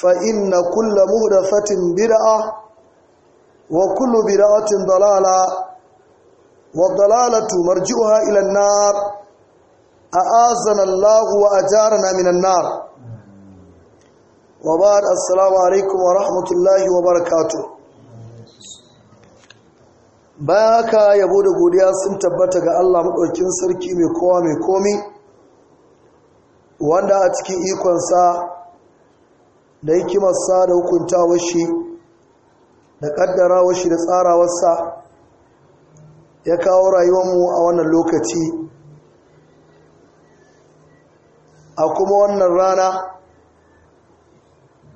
فإن كل مهدفة بدعة وكل بدعة ضلالة والضلالة مرجعها إلى النار أعزنا الله وأجارنا من النار وبعد السلام عليكم ورحمة الله وبركاته bayan haka yabo da godiya sun tabbata ga Allah maɗaukin sarki mai kowa mai komi wanda a cikin ikonsa da hikimarsa da hukuntawar shi da ƙaddarawar shi da tsarawarsa ya kawo rayuwarmu a wannan lokaci a kuma wannan rana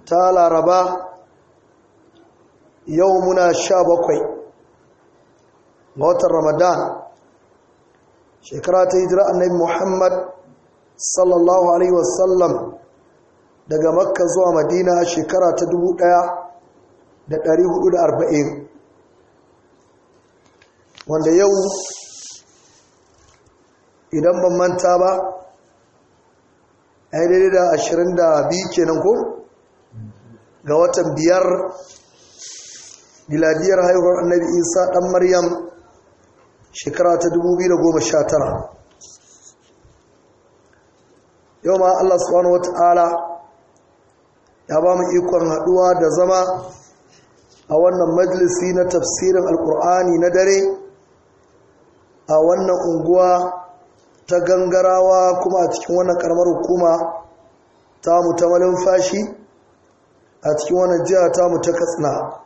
ta laraba yau muna sha bakwai ga watan ramadan shekara ta hijira annabi muhammad sallallahu alaihi wasallam daga makka zuwa madina shekara ta 1440 wanda yau idan ban manta ba a yi daidai da ashirin 22 kenan ko ga watan biyar diladiyar haihuwar annabi isa dan maryam shekara ta 2019 yau ma allah subhanahu wa ta'ala ya ba mu ikon haɗuwa da zama a wannan majalisi na tafsirin alkur'ani na dare a wannan unguwa ta gangarawa kuma a cikin wannan karamar hukuma ta mu ta fashi, a cikin wannan jiha ta mu ta katsina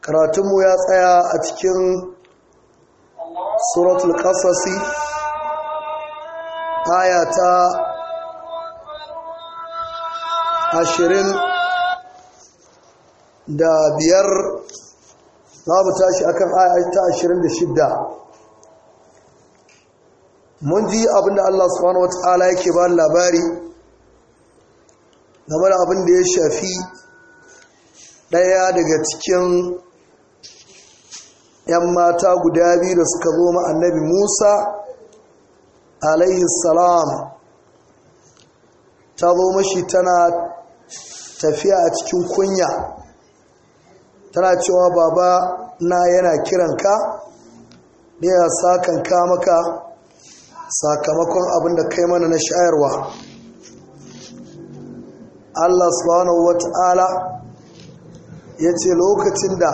karatunmu ya tsaya a cikin suratul kasasi aya ta ashirin da biyar za mu tashi akan aya ta ashirin da shida mun ji abinda Allah subhanahu wa ta'ala yake ba labari game da abinda ya shafi ɗaya daga cikin 'yan mata guda biyu da suka zo ma annabi musa alaihi salam ta zo mashi tana tafiya a cikin kunya tana cewa baba na yana kiranka ne ya sakan maka sakamakon abin da kai mana na shayarwa allah subhanahu wata'ala ya ce lokacin da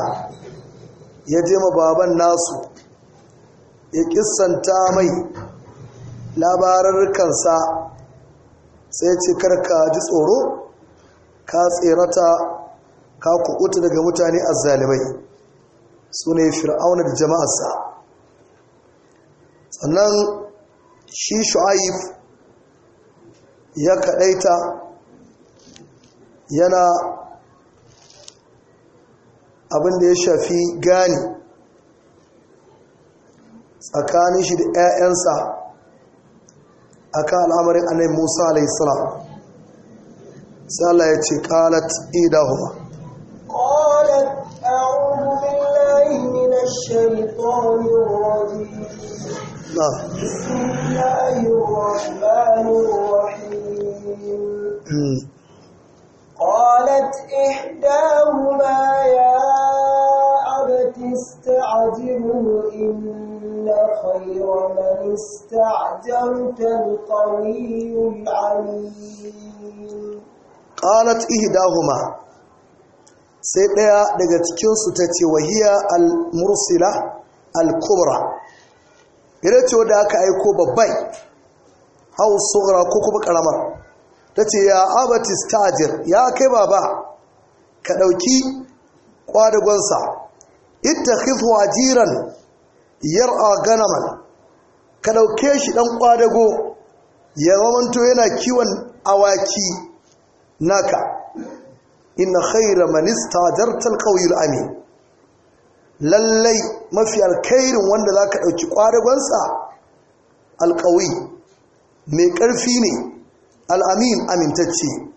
ya je ma baban nasu ya ƙisanta mai labararkansa sai ce kar ka ji tsoro ka tserata ka kukuta daga mutane a zalibai su ne fir'auna da jama'arsa sannan shi shu'aib ya kaɗaita yana abin da ya shafi gani tsakanin shi da 'ya'yansa akan al'amarin annabi Musa alayhi salam sai Allah ya ce qalat idahuma qalat a'udhu billahi minash shaitanir rajim na bismillahir rahmanir rahim qalat ihdahuma ya abati ista'jilu in خير من استعجلت القوي العليم قالت إهداهما sai ɗaya daga cikinsu ta ce wahiya al-mursila al-kubra ita ce wadda aka aiko babbai hau tsohara ko kuma ƙaramar ta ce ya abati stajir ya kai baba ka ɗauki ƙwadagonsa ita jiran yar'a ganaman ka ɗauke shi ɗan ƙwadago ya zamanto yana kiwon awaki naka ina khaira manista jartar alqawiyul amin lallai mafi alkhairin wanda za ka ɗauki kwadagonsa alqawi mai ƙarfi ne alamin amintacce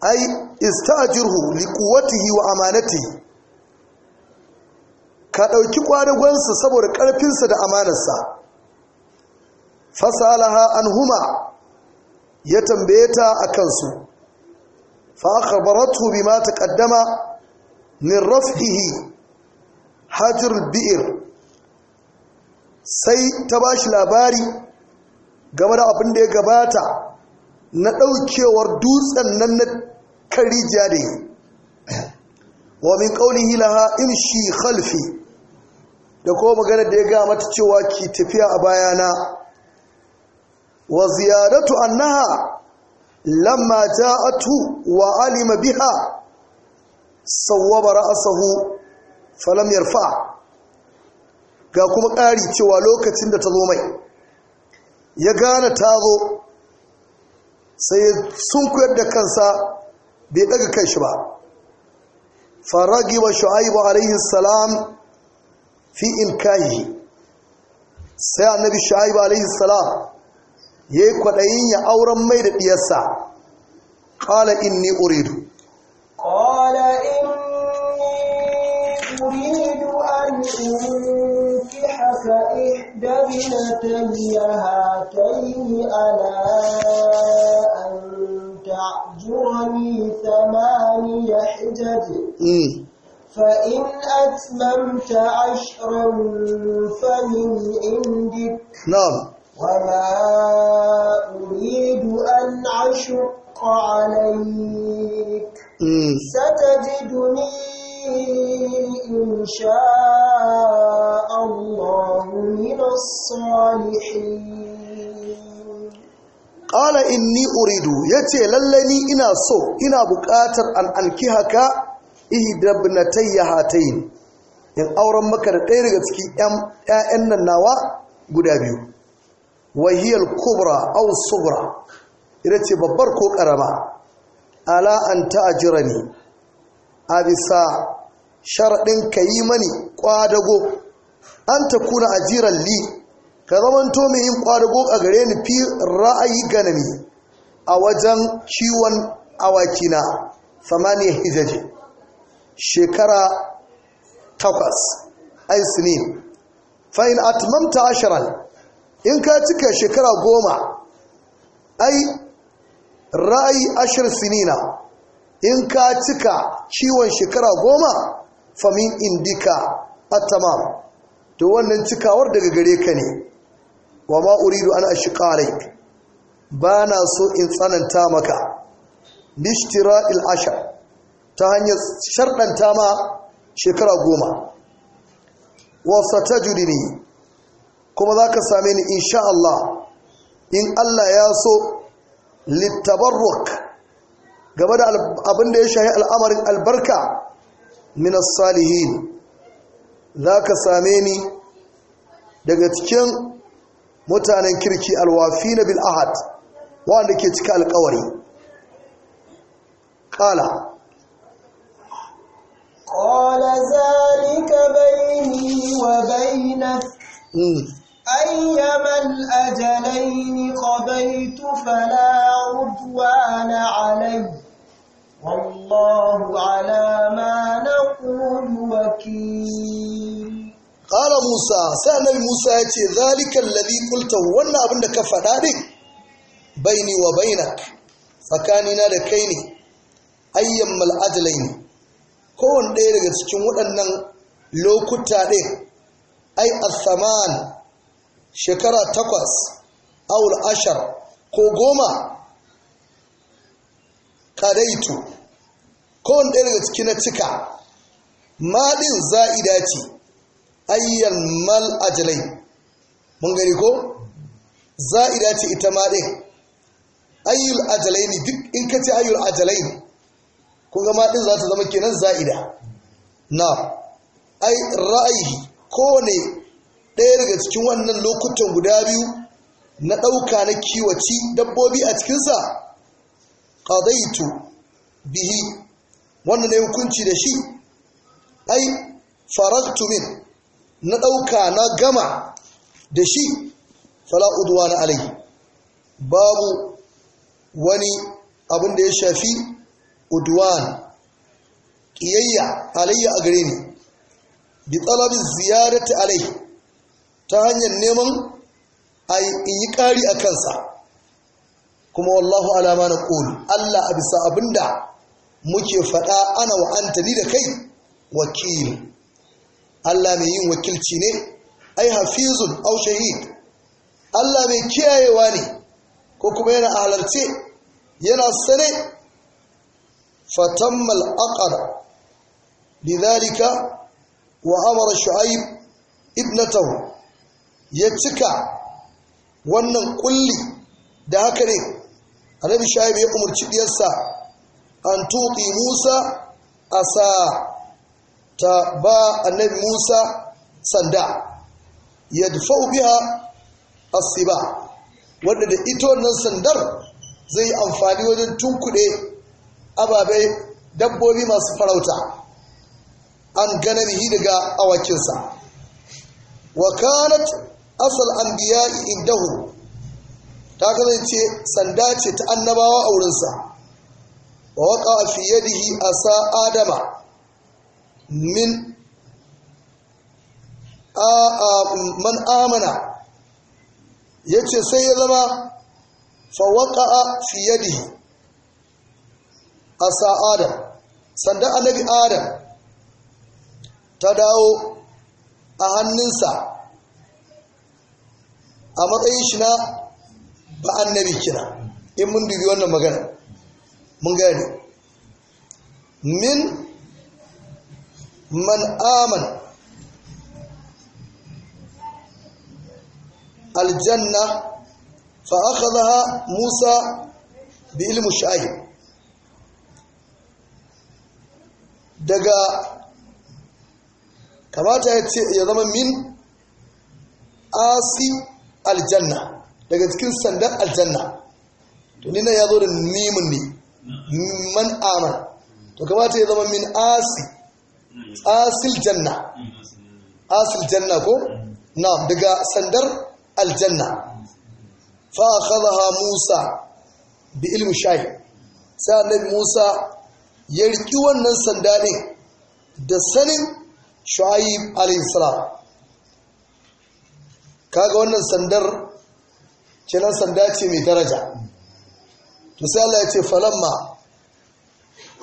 ai istajirhu likuwatihi wa amanatihi ka ɗauki ƙwadagonsu saboda ƙarfinsa da amanarsa fasalaha an huma ya tambaye ta a kansu fa'akabaratu bi ma ƙaddama min raf'ihi hajjur bi'ir sai ta ba shi labari game da abin da ya gabata na ɗaukewar dutsen nan na kan rijiya da yi wa min ƙaunihi laha shi khalfi da kuma maganar da ya ga mata cewa ki tafiya a bayana wa ziyaratu annaha lamma ja'atu wa alima biha sawwaba ra'sahu falam yarfa ga kuma ƙari cewa lokacin da ta zo mai ya gane ta zo sai sun koyar da kansa bai daga kai shi ba faragi wa shu'aibu alaihi salam في إمكانه سيا النبي شعيب عليه السلام يكوى أين أورا ميدة يسا قال إني أريد قال إني أريد أن أنكحك إحدى بنتي هاتين على أن تعجرني ثماني حجج فإن أتممت عشرا فمن عندك نعم وما أريد أن أشق عليك مم. ستجدني إن شاء الله من الصالحين قال إني أريد يتي للني إنا سو إنا بكاتر أن أنكهك ihdabnatayya hatayn in auren maka da ɗaya daga cikin ƴaƴan nan nawa guda biyu wahiyal kubra aw subra ita ce babbar ko karama ala an ta'jirani a bisa sharaɗin ka yi mani kwadago an ta kuna ajiran li ka zamanto mai yin kwadago a gare ni fi ra'ayi ganami a wajen kiwon awakina samaniya hijaji shekara takwas ai sinin fa'in atmamta ashiran in ka cika shekara goma ai ra'ayi ashir sinina in ka cika ciwon shekara goma famin indika tamam to wannan cikawar daga gare ka ne wa ma uridu a ashiqarai ba na so in tsananta maka nishtira il ashar ta hanyar sharɗanta ma shekara goma wasa ta judini kuma za ka same ni insha Allah in Allah ya so littabarruk game da abin da ya shahi al'amarin albarka minas salihin za ka same ni daga cikin mutanen kirki alwafi na bil'ahad wanda ke cika alkawari ƙala قال ذلك بيني وبينك أيما الأجلين قضيت فلا عدوان علي والله على ما نقول وكيل قال موسى سأل موسى يتي ذلك الذي قلته وانا ابنك فنادك بيني وبينك فكاننا دكيني أيما الأجلين kowane ɗaya daga cikin waɗannan lokuta ɗin ai athaman shekara takwas awul ashar ko goma kadaitu kowane ɗaya daga cikin na cika maɗin za'ida ce ayyan mal ajalai mun gani ko za'ida ce ita maɗin ayyul ajalai ne duk in ka ce ayyul ajalai ne kun gama din za ta zama kenan za'ida na ai ra'ayi ne ɗaya daga cikin wannan lokutan guda biyu na ɗauka na kiwaci dabbobi a cikinsa qadaitu bihi wannan ne hukunci da shi ai Faraktumin. na ɗauka na gama da shi fala'uduwa na alai babu wani abin da ya shafi udwan ƙiyayya alayya a gare ni bi ziyarar ziyarati alai ta hanyar neman a yi ƙari a kansa kuma wallahu alama na ƙoli Allah a bisa abin da muke faɗa ana wa'anta ni da kai wakil Allah mai yin wakilci ne ai hafizun au shahid Allah mai kiyayewa ne ko kuma yana halarce yana sane فتم الأقر لذلك Shu'aib شعيب ya cika wannan kulli da haka ne annabi shaib ya umarci ɗiyarsa an tuɗi musa a sa ta ba annabi musa sanda ya dafau biya asiba wadda da ita wannan sandar zai yi amfani wajen tunkuɗe Ababe dabbobi masu farauta an yi daga awakinsa wa kanat asal anbiya indahu ta kasance sanda ce ta annabawa a wurinsa wa waka fi yadihi asa adama min a man amana yace sai ya zama fa waka fi yadihi asa adam sanda annabi adam ta dawo a hannunsa a matsayin shi na ba annabi kira in mun dubi wannan magana mun gane min man aman aljanna fa akhadha musa bi ilmu sha'ib daga kamata ya ce ya zama min asi aljanna daga cikin sandan aljanna to ni ya zo da mimin ne man aman, to kamata ya zama min asi asil janna asil janna ko na daga sandar aljanna fa akhadha musa bi ilmi shahi sai annabi musa ya riƙi wannan sanda ɗin da sanin shu'ayib alaihissalam kaga wannan sandar kenan sanda ce mai daraja to sai Allah ya ce falamma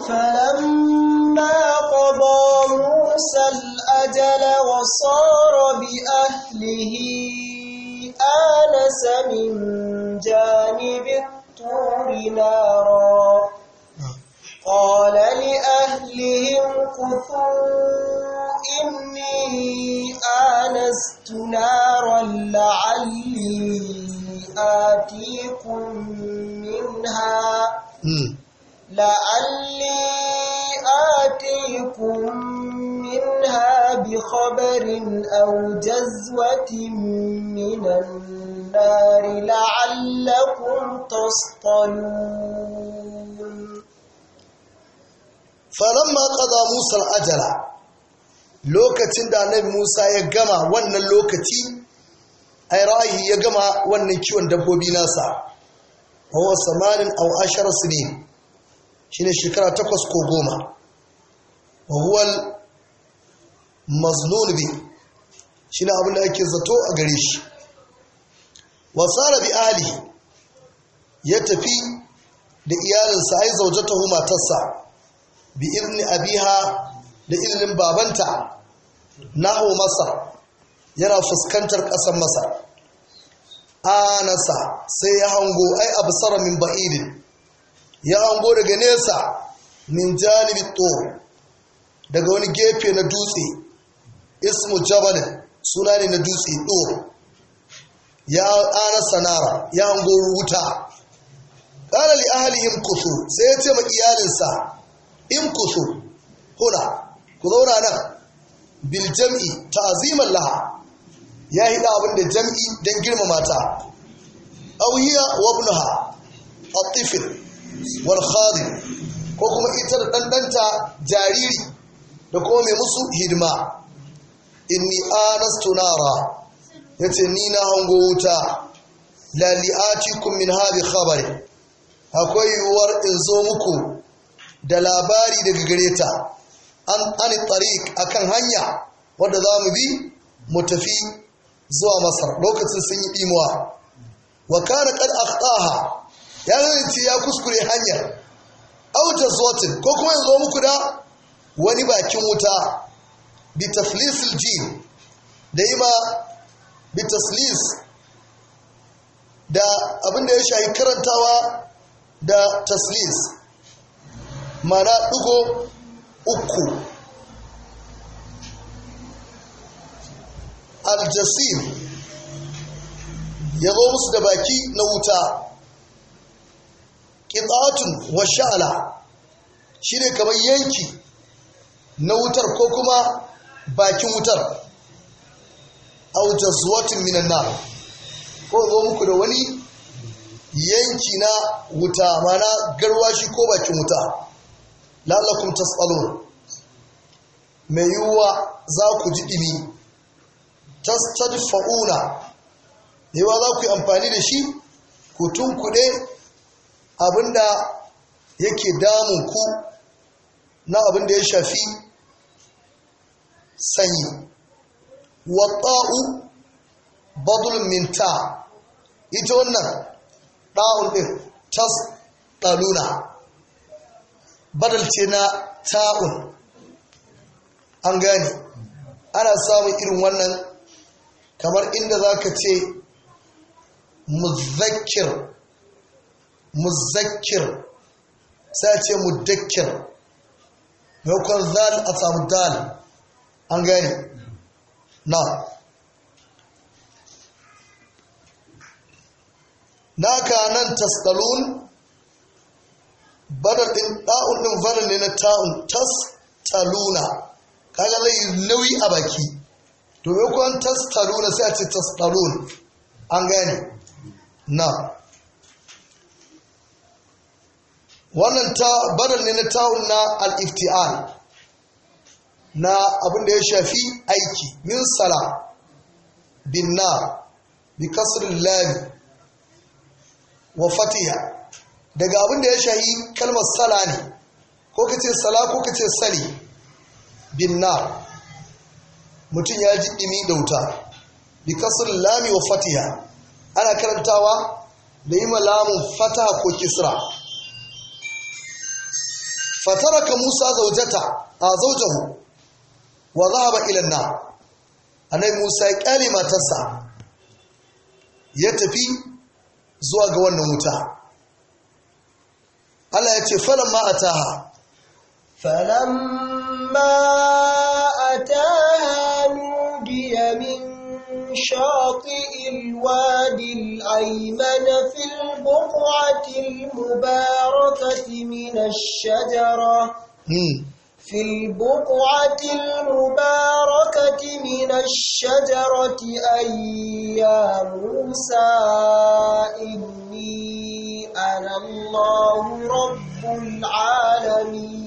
falamma qada musa al-ajala wa sara bi ahlihi Ana samin janibi turi قال لأهلهم كثوا إني آنست نارا لعلي آتيكم منها لعلي آتيكم منها بخبر أو جزوة من النار لعلكم تصطلون falamma qada musa al-ajala lokacin da annabi musa ya gama wannan lokaci ai ra'ayi ya gama wannan kiwon dabbobi nasa huwa samanin aw ashar shi ne shekara takwas ko goma wa huwa bi abin da ake zato a gare shi wa bi ali ya tafi da iyalinsa ai zaujatahu matarsa bi irni abiha da izinin babanta naho masa yana fuskantar ƙasar masa anasa sai ya hango ai absara min ba'idin ya hango daga nesa min janibi tsoro daga wani gefe na dutse ismu jabalin suna ne na dutse ɗoro ya ana sanara ya hango wuta ƙara ahalihim kusur sai ya ce ma iyalinsa in kusu huna ku zauna nan bil jam'i ta'ziman laha ya hida abin da jam'i dan girmama ta aw hiya wa ibnaha at-tifl wal khadim ko kuma ita da dandanta jariri da kuma mai musu hidima inni anastu nara yace ni na hango wuta la li'atikum min hadhi khabari akwai yuwar in zo muku da labari daga gare ta an ani tariq akan hanya wadda za mu bi mu tafi zuwa masar lokacin sun yi imuwa wa kana kad akhtaha ya zanci ya kuskure hanyar auta zotin ko kuma yanzu muku da wani bakin wuta bi taflis aljin da yi ma bi taslis da abinda ya shahi karantawa da taslis mana ɗigo uku aljasir ya zo musu da baki na wuta ƙiɗatun wa sha'ala shi ne kamar yanki na wutar ko kuma bakin wutar aujazwatin minan ko zo muku da wani yanki na wuta mana garwashi ko bakin wuta la'allakum tas'alun mai yiwuwa za ku ji ɗimi tastadfa'una yiwuwa za ku yi amfani da shi ku tunkuɗe abinda yake damun ku na abinda ya shafi sanyi wata'u badul minta ita wannan ɗa'un ɗin tasɗaluna badal ce na ta'un an gane ana samun irin wannan kamar inda za ka ce muzakir muzakkir sai ce mudakkir maimakon zal a samu dal an gane na naka nan tasdalun badal din da'un din badal ne na ta'un tas taluna kaga lai nauyi a baki to yau kuwan tas taluna sai a ce tas talun an gane na wannan ta badal ne na ta'un na al-iftial na abin da ya shafi aiki min sala bin na bi kasar lami wa fatiha daga abin da ya shayi kalmar sala ne ko ka ce sala ko ka ce sali bin na mutum ya ji ɗimi da wuta bi kasar lami wa fatiha ana karantawa da yi malamun fataha ko kisra fataraka musa zaujata a zaujahu wa zahaba ilan na anai musa ya kyale matarsa ya tafi zuwa ga wannan wuta قال يأتي فلما أتاها فلما أتاها نودي من شاطئ الوادي الأيمن في البقعة المباركة من الشجرة في البقعة المباركة من الشجرة أي يا موسى إني أنا الله رب العالمين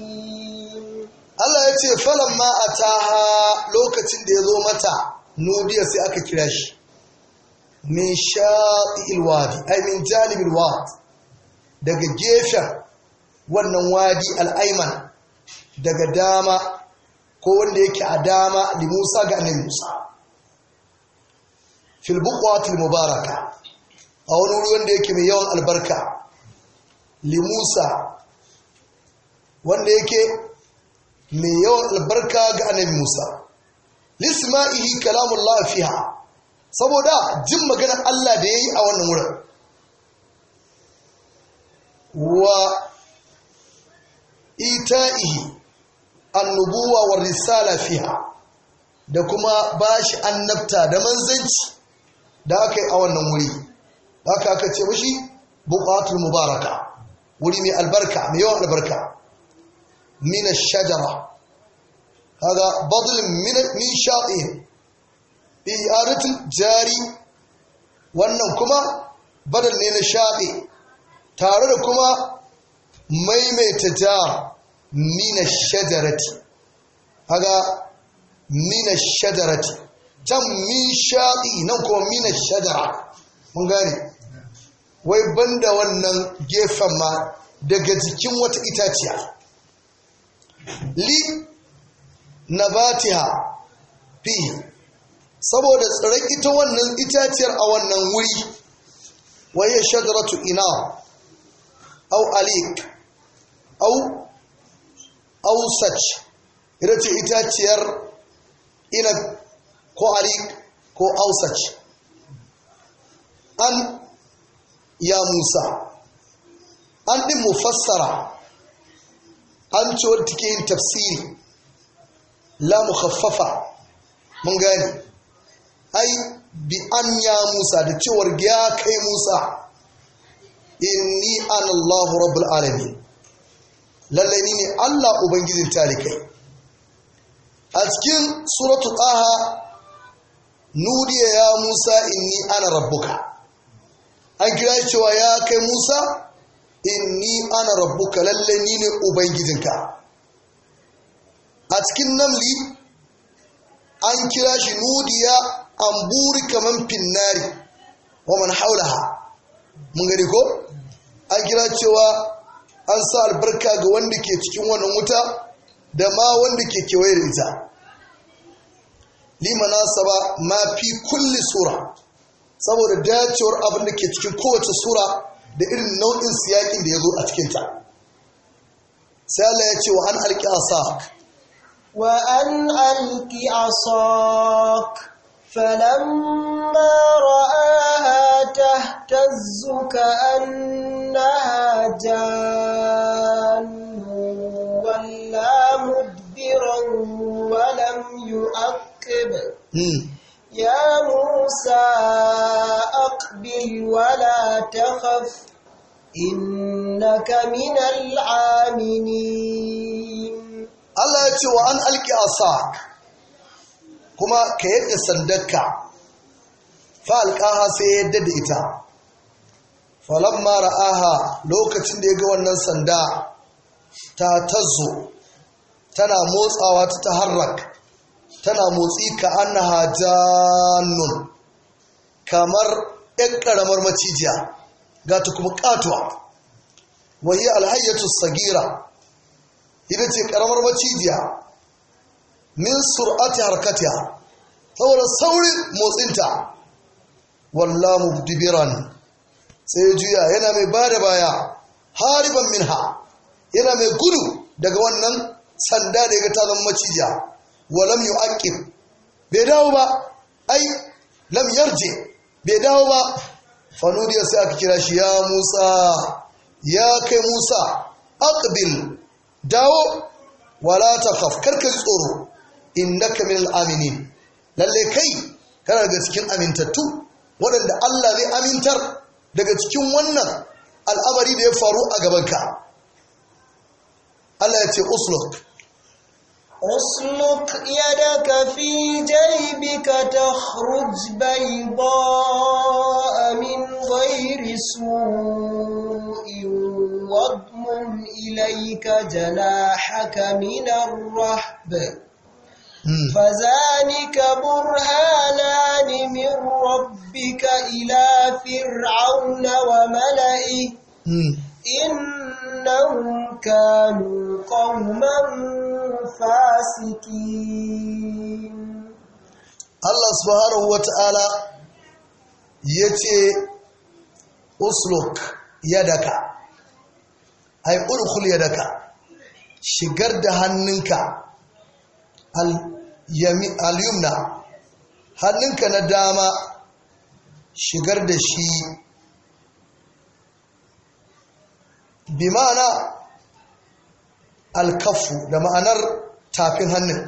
Allah ya ce "Falan ma a taha lokacin da ya zo mata nudiya sai aka kira shi min shaɗi ilwadi ai min jalibin wadi daga gefen wannan wadi al'aiman daga dama ko wanda yake a dama da Musa ga annabi Musa fil buqatil mubaraka a wani wuri wanda yake mai yawan albarka li Musa wanda yake mai yawan albarka ga annabi Musa lisma'ihi kalamullah fiha saboda jin maganar Allah da ya yi a wannan wurin wa ita'ihi annubuwa wa risala fiha da kuma bashi annabta da manzanci da aka yi a wannan wuri da aka aka ce mashi buƙatul mubaraka wuri mai albarka mai yawan albarka mina shajara kaga badlin min shaɗin iyaratul jari wannan kuma badal ne na shaɗe tare da kuma maimaita ta mina shadarati haga mina shadarati can min sha'i nan kuma mina shadara mun gane wai banda wannan gefen ma daga jikin wata itaciya li ha, fi saboda tsirar ita wannan itaciyar a wannan wuri waye shajaratu ina au alik au ausach ita ce itaciyar ina ko harik ko ausach an ya musa an ɗin fassara an ci take yin tafsiri la mukhaffafa mun gane ai bi an ya musa da cewar ya kai musa inni an allahu rabbul alamin lallai ni ne Allah ubangijin tarikai a cikin suratu ƙaha nudiya ya Musa inni ana rabbuka an kira cewa ya kai Musa inni ana rabbuka lallai ni ne ubangijinka a cikin namli an kira shi nudiya an buri kaman finnari wa man haulaha mun gari ko an kira cewa an sa albarka ga wanda ke cikin wannan wuta da ma wanda ke kewaye da ita limana saba ma fi kulli sura saboda dacewar abin da ke cikin kowace sura da irin nau'in siyakin da ya zo a cikinta sai Allah ya ce wa an alki asak wa an alki asak فلما رآها تهتز كأنها جان ولا مدبرا ولم يؤقب يا موسى أقبل ولا تخف إنك من العاملين الله يتوى أن ألقي أصاك kuma ka yadda sandarka fa alƙaha sai ya yadda da ita Falon mara aha lokacin da ya ga wannan sanda ta tazzo tana motsawa ta taharrak tana motsi ka haja nun kamar ɗan ƙaramar macijiya ga ta kuma ƙatuwa yi alhayyatu sagira ita ce ƙaramar macijiya min sur'ati harkatiya saboda saurin motsinta walla dibiran sai juya yana mai ba da baya hariban minha yana mai gudu daga wannan sanda da ya ga tazan macija walam yu'aqib bai dawo ba ai lam yarje bai dawo ba fanudiya sai aka kira shi ya Musa ya kai Musa aqbil dawo wala takhaf karka tsoro innaka minal aminin lalle kai kana daga cikin amintattu waɗanda Allah zai amintar daga cikin wannan al'amari da ya faru a gabanka Allah ya ce usluk أسلك يدك في جيبك تخرج بيضاء من غير سوء واضمم إليك جناحك من الرحب فذلك برهانان من ربك إلى فرعون وملئه إنهم كانوا قوما فاسقين الله سبحانه وتعالى يتي أسلك يدك أي أدخل يدك shigar da hannunka al Yami hannunka na dama shigar da shi bi ma'ana alkafu da ma'anar tafin hannun